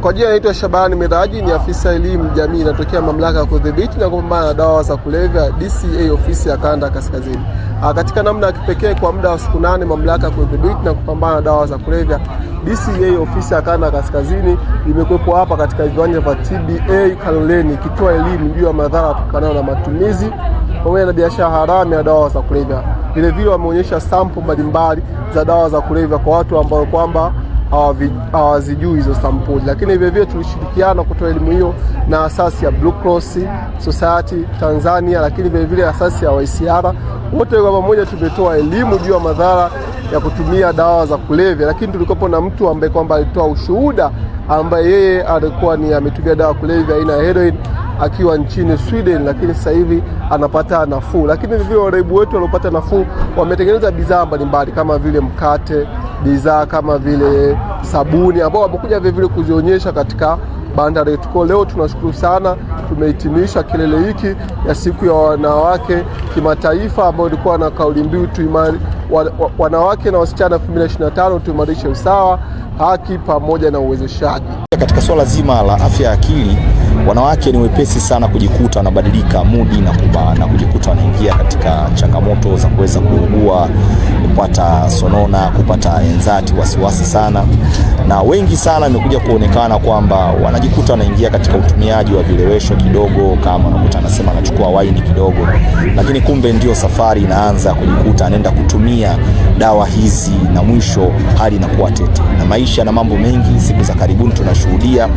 Kwa jina naitwa Shabani Miraji, ni afisa elimu jamii inatokea mamlaka ya kudhibiti na kupambana na dawa za kulevya DCA, ofisi ya kanda kaskazini. Ah, katika namna ya kipekee, kwa muda wa siku nane, mamlaka ya kudhibiti na kupambana na dawa za kulevya DCA, ofisi ya kanda kaskazini, imekuwepo hapa katika viwanja vya TBA Kaloleni, ikitoa elimu juu ya madhara yatokanayo na matumizi pamoja na biashara haramu ya dawa za kulevya. Vilevile wameonyesha sampo mbalimbali za dawa za kulevya kwa watu ambao kwamba hawazijui hizo sampuli, lakini vilevile tulishirikiana kutoa elimu hiyo na asasi ya Blue Cross Society Tanzania, lakini vilevile asasi ya waisiara Wote kwa pamoja tumetoa elimu juu ya madhara ya kutumia dawa za kulevya, lakini tulikuwepo na mtu ambaye kwamba alitoa ushuhuda ambaye yeye alikuwa ni ametumia dawa kulevya aina ya heroin akiwa nchini Sweden, lakini sasa hivi anapata nafuu. Lakini vivyo waraibu wetu waliopata nafuu wametengeneza bidhaa mbalimbali kama vile mkate bidhaa kama vile sabuni ambao wamekuja vile kuzionyesha katika banda letu. Kwa leo tunashukuru sana, tumehitimisha kilele hiki ya siku ya wanawake kimataifa ambayo ilikuwa na kauli mbiu wanawake na wasichana 2025 tuimarishe usawa, haki pamoja na uwezeshaji. Katika swala zima la afya ya akili Wanawake ni wepesi sana kujikuta wanabadilika mudi na kuba, na kujikuta wanaingia katika changamoto za kuweza kuugua, kupata sonona, kupata enzati wasiwasi sana, na wengi sana imekuja kuonekana kwamba wanajikuta wanaingia katika utumiaji wa vilewesho kidogo, kama unakuta anasema anachukua waini kidogo, lakini kumbe ndio safari inaanza kujikuta anaenda kutumia dawa hizi, na mwisho hali inakuwa tete na maisha na mambo mengi. Siku za karibuni tunashuhudia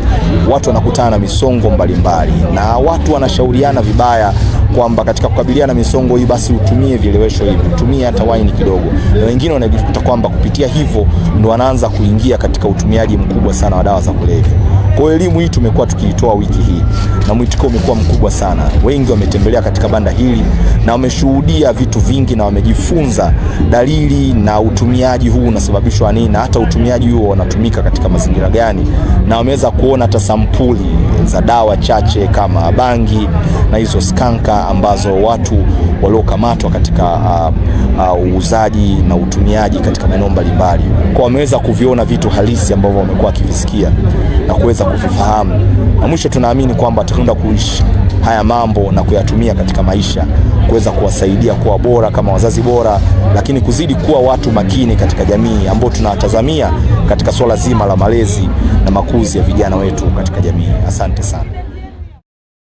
watu wanakutana na misongo mbalimbali mbali, na watu wanashauriana vibaya kwamba katika kukabiliana na misongo hii basi utumie vilewesho hivi, utumie hata waini kidogo, na wengine wanajikuta kwamba kupitia hivyo ndo wanaanza kuingia katika utumiaji mkubwa sana wa dawa za kulevya. Kwa elimu hii tumekuwa tukiitoa wiki hii na mwitikio umekuwa mkubwa sana. Wengi wametembelea katika banda hili na wameshuhudia vitu vingi na wamejifunza dalili na utumiaji huu unasababishwa nini na hata utumiaji huo unatumika katika mazingira gani, na wameweza kuona hata sampuli za dawa chache kama bangi na hizo skanka ambazo watu waliokamatwa katika uuzaji uh, uh, na utumiaji katika maeneo mbalimbali, kwa wameweza kuviona vitu halisi ambavyo wamekuwa wakivisikia na kuweza kuvifahamu, na mwisho tunaamini kwamba tutakwenda kuishi haya mambo na kuyatumia katika maisha kuweza kuwasaidia kuwa bora kama wazazi bora, lakini kuzidi kuwa watu makini katika jamii ambao tunawatazamia katika swala zima la malezi na makuzi ya vijana wetu katika jamii. Asante sana.